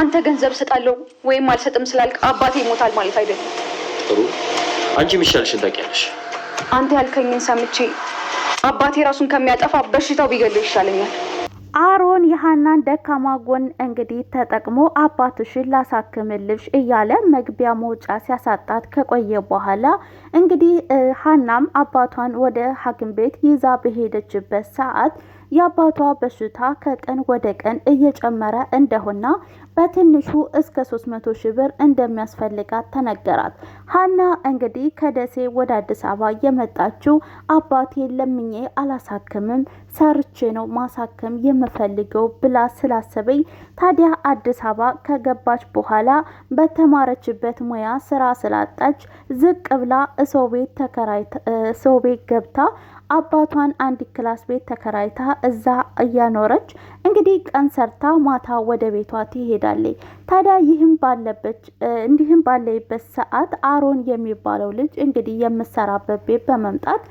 አንተ ገንዘብ እሰጣለሁ ወይም አልሰጥም ስላልክ አባቴ ይሞታል ማለት አይደለም። ጥሩ አንቺ የሚሻልሽን ታውቂያለሽ። አንተ ያልከኝን ሰምቼ አባቴ ራሱን ከሚያጠፋ በሽታው ቢገለው ይሻለኛል። አሮን የሀናን ደካማ ጎን እንግዲህ ተጠቅሞ አባትሽን ላሳክምልሽ እያለ መግቢያ መውጫ ሲያሳጣት ከቆየ በኋላ እንግዲህ ሀናም አባቷን ወደ ሐኪም ቤት ይዛ በሄደችበት ሰዓት የአባቷ በሽታ ከቀን ወደ ቀን እየጨመረ እንደሆና በትንሹ እስከ 300 ሺህ ብር እንደሚያስፈልጋት ተነገራት። ሀና እንግዲህ ከደሴ ወደ አዲስ አበባ የመጣችው አባቴ ለምኜ አላሳክምም ሰርቼ ነው ማሳከም የምፈልገው ብላ ስላሰበኝ ታዲያ አዲስ አበባ ከገባች በኋላ በተማረችበት ሙያ ስራ ስላጣች ዝቅ ብላ ሰው ቤት ገብታ አባቷን አንድ ክላስ ቤት ተከራይታ እዛ እያኖረች እንግዲህ ቀን ሰርታ ማታ ወደ ቤቷ ትሄዳለች። ታዲያ ይህም ባለበት እንዲህም ባለይበት ሰዓት አሮን የሚባለው ልጅ እንግዲህ የምሰራበት ቤት በመምጣት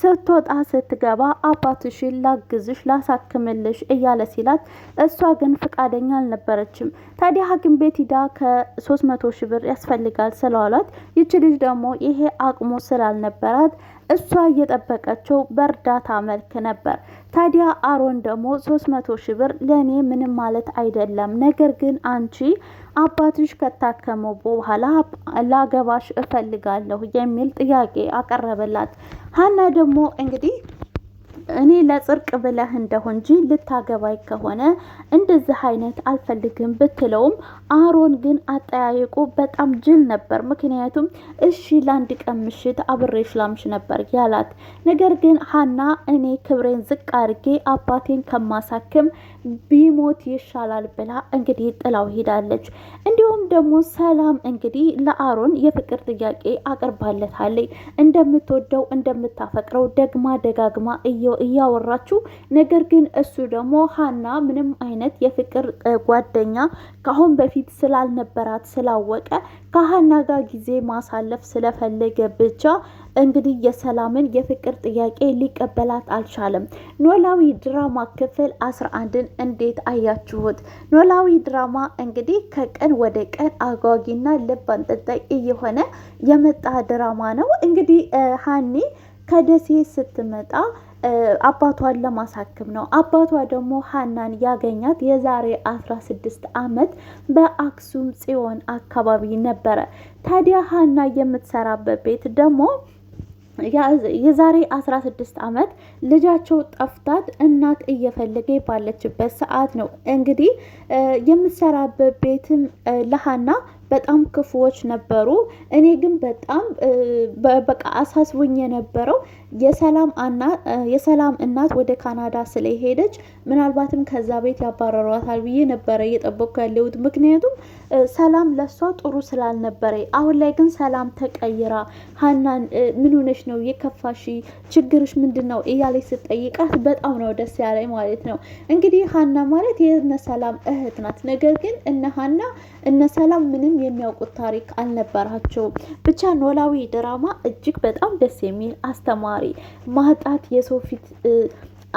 ስትወጣ ስትገባ አባትሽን ላግዝሽ ላሳክምልሽ እያለ ሲላት እሷ ግን ፈቃደኛ አልነበረችም። ታዲያ ሐኪም ቤት ሂዳ ከሶስት መቶ ሺህ ብር ያስፈልጋል ስለዋሏት ይች ልጅ ደግሞ ይሄ አቅሙ ስላልነበራት እሷ እየጠበቀችው በእርዳታ መልክ ነበር። ታዲያ አሮን ደግሞ ሶስት መቶ ሺህ ብር ለእኔ ምንም ማለት አይደለም፣ ነገር ግን አንቺ አባትሽ ከታከመው በኋላ ላገባሽ እፈልጋለሁ የሚል ጥያቄ አቀረበላት። ሀና ደግሞ እንግዲህ እኔ ለጽርቅ ብለህ እንደሆን እንጂ ልታገባይ ከሆነ እንደዚህ አይነት አልፈልግም ብትለውም አሮን ግን አጠያየቁ በጣም ጅል ነበር። ምክንያቱም እሺ ለአንድ ቀን ምሽት አብሬሽ ላምሽ ነበር ያላት። ነገር ግን ሀና እኔ ክብሬን ዝቅ አድርጌ አባቴን ከማሳክም ቢሞት ይሻላል ብላ እንግዲህ ጥላው ሄዳለች። እንዲሁም ደግሞ ሰላም እንግዲህ ለአሮን የፍቅር ጥያቄ አቅርባለታለች። እንደምትወደው እንደምታፈቅረው ደግማ ደጋግማ እየ እያወራችሁ ነገር ግን እሱ ደግሞ ሀና ምንም አይነት የፍቅር ጓደኛ ከአሁን በፊት ስላልነበራት ስላወቀ ከሀና ጋር ጊዜ ማሳለፍ ስለፈለገ ብቻ እንግዲህ የሰላምን የፍቅር ጥያቄ ሊቀበላት አልቻለም። ኖላዊ ድራማ ክፍል አስራ አንድን እንዴት አያችሁት? ኖላዊ ድራማ እንግዲህ ከቀን ወደ ቀን አጓጊና ልብ አንጠልጣይ እየሆነ የመጣ ድራማ ነው። እንግዲህ ሀኒ ከደሴ ስትመጣ አባቷን ለማሳክም ነው። አባቷ ደግሞ ሀናን ያገኛት የዛሬ 16 አመት በአክሱም ጽዮን አካባቢ ነበረ። ታዲያ ሀና የምትሰራበት ቤት ደግሞ የዛሬ 16 ዓመት ልጃቸው ጠፍታት እናት እየፈለገ ባለችበት ሰዓት ነው እንግዲህ የምትሰራበት ቤትም ለሀና በጣም ክፉዎች ነበሩ። እኔ ግን በጣም በቃ አሳስቦኝ የነበረው የሰላም እናት ወደ ካናዳ ስለሄደች ምናልባትም ከዛ ቤት ያባረሯታል ብዬ ነበረ እየጠበቅኩ ያለሁት። ምክንያቱም ሰላም ለሷ ጥሩ ስላልነበረ፣ አሁን ላይ ግን ሰላም ተቀይራ ሀናን ምን ሆነሽ ነው የከፋሽ? ችግርሽ ምንድን ነው እያለች ስጠይቃት በጣም ነው ደስ ያለኝ ማለት ነው። እንግዲህ ሀና ማለት የእነ ሰላም እህት ናት። ነገር ግን እነ ሀና እነ ሰላም ምንም የሚያውቁት ታሪክ አልነበራቸውም። ብቻ ኖላዊ ድራማ እጅግ በጣም ደስ የሚል አስተማሪ ተጨማሪ ማጣት የሰው ፊት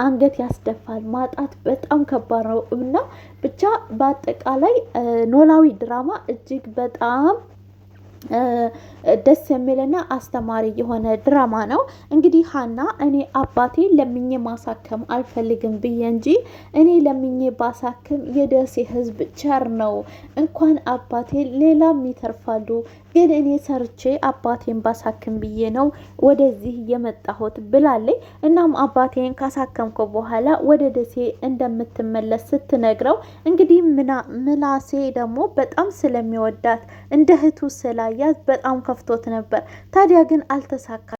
አንገት ያስደፋል። ማጣት በጣም ከባድ ነው እና ብቻ በአጠቃላይ ኖላዊ ድራማ እጅግ በጣም ደስ የሚልና አስተማሪ የሆነ ድራማ ነው። እንግዲህ ሀና እኔ አባቴ ለምኜ ማሳከም አልፈልግም ብዬ እንጂ እኔ ለምኜ ባሳክም የደሴ ሕዝብ ቸር ነው። እንኳን አባቴ ሌላም ይተርፋሉ፣ ግን እኔ ሰርቼ አባቴን ባሳክም ብዬ ነው ወደዚህ የመጣሁት ብላለች። እናም አባቴን ካሳከምኩ በኋላ ወደ ደሴ እንደምትመለስ ስትነግረው እንግዲህ ምናሴ ደግሞ በጣም ስለሚወዳት እንደ እህቱ ስላያዝ በጣም ከፍቶት ነበር። ታዲያ ግን አልተሳካ